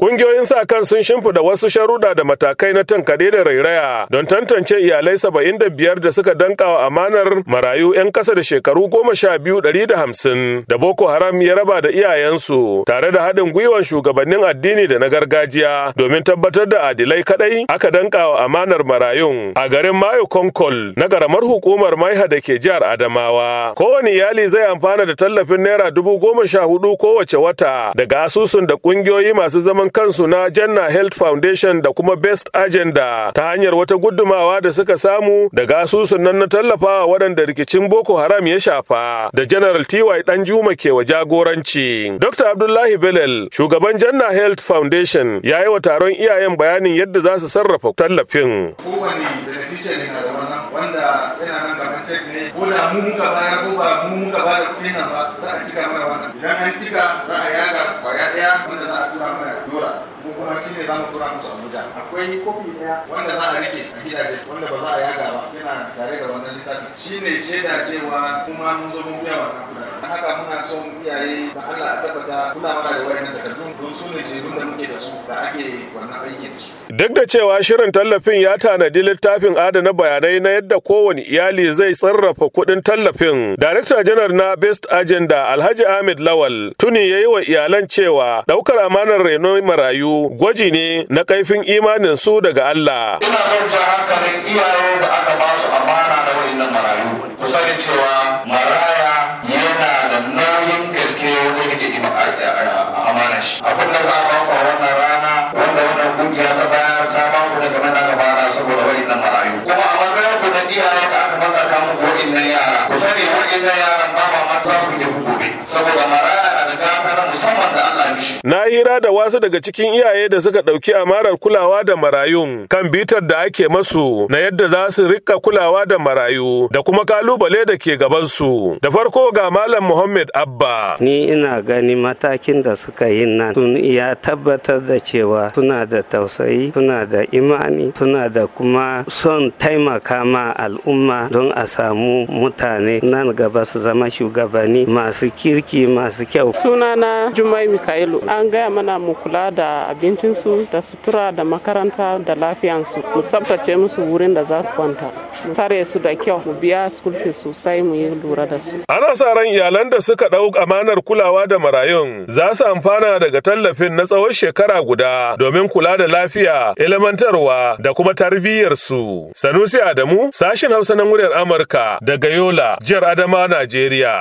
Ƙungiyoyin sa kan sun shimfiɗa wasu sharuda da matakai na tankaɗe da rairaya don tantance iyalai saba'in da biyar da suka danka wa amanar marayu 'yan ƙasa da shekaru goma sha biyu ɗari da hamsin da Boko Haram ya raba da iyayensu tare da haɗin gwiwan shugabannin addini da na gargajiya domin tabbatar da adilai kaɗai aka danka wa amanar marayun a garin Mayo Konkol na garamar hukumar Maiha da ke jihar Adamawa. Kowane iyali zai amfana da tallafin naira dubu goma sha hudu kowace wata daga asusun da ƙungiyoyi masu zaman zaman kansu na Janna Health Foundation da kuma Best Agenda ta hanyar wata gudumawa da suka samu daga asusun nan na tallafawa waɗanda rikicin Boko Haram ya shafa da General TY Danjuma ke wa jagoranci. Dr. Abdullahi Belal, shugaban Janna Health Foundation, ya yi wa taron iyayen bayanin yadda za su sarrafa tallafin. ce mai na da wanda yana nan bakan cek ne ko da mu muka bayar ko ba mu muka bada kuɗin nan ba za a cika mana wannan idan an cika za a yaga kwaya ɗaya wanda za a tura mana dora kuma shi ne za mu tura musu Abuja. Akwai kofi ɗaya wanda za a rike a gidaje wanda ba za a yaga ba yana tare da wannan littafin. Shi ne shaida cewa kuma mun zo mun biya wa kuɗaɗe. Don haka muna son iyaye da Allah a tabbata kula mana da wayannan takardun don su ne shaidun da muke da su da ake wannan aikin da su. Duk da cewa shirin tallafin ya tanadi littafin adana bayanai na yadda kowane iyali zai sarrafa kuɗin tallafin. Director janar na Best Agenda Alhaji Ahmed Lawal tuni ya yi wa iyalan cewa ɗaukar amanar reno marayu gwaji ne na kaifin imanin su daga Allah. Ina son ta hankalin iyaye da aka ba su amana na wa'innan marayu. Ku sani cewa maraya yana da nauyin gaske wajen rike amana shi. Abin da za a ba wannan rana wanda wannan kungiya ta bayar ta ba ku daga nan aka fara saboda wa'innan marayu. Kuma a matsayin ku na iyaye da aka mallaka muku wa'innan yara. Ku sani wa'innan yara na hira da wasu daga cikin iyaye da suka ɗauki amarar kulawa da marayun kan bitar da ake masu na yadda za su rika kulawa da marayu da kuma kalubale da ke gabansu. Da farko ga Malam Muhammad Abba. Ni ina gani matakin da suka yi nan sun iya tabbatar da cewa suna da tausayi, suna da imani, suna da kuma son taimaka ma al'umma don a samu mutane nan gaba su zama shugabanni masu kirki masu kyau. Sunana Jumai Mikailu. an gaya mana mu kula da abincinsu da sutura da makaranta da lafiyansu mu tsabtace musu wurin da za su kwanta mu tare su da kyau mu biya school fees sosai mu yi lura da su ana sa ran iyalan da suka ɗau amanar kulawa da marayun za su amfana daga tallafin na tsawon shekara guda domin kula da lafiya ilimantarwa, da kuma tarbiyyarsu sanusi adamu sashin hausa na muryar amurka daga yola jihar adama najeriya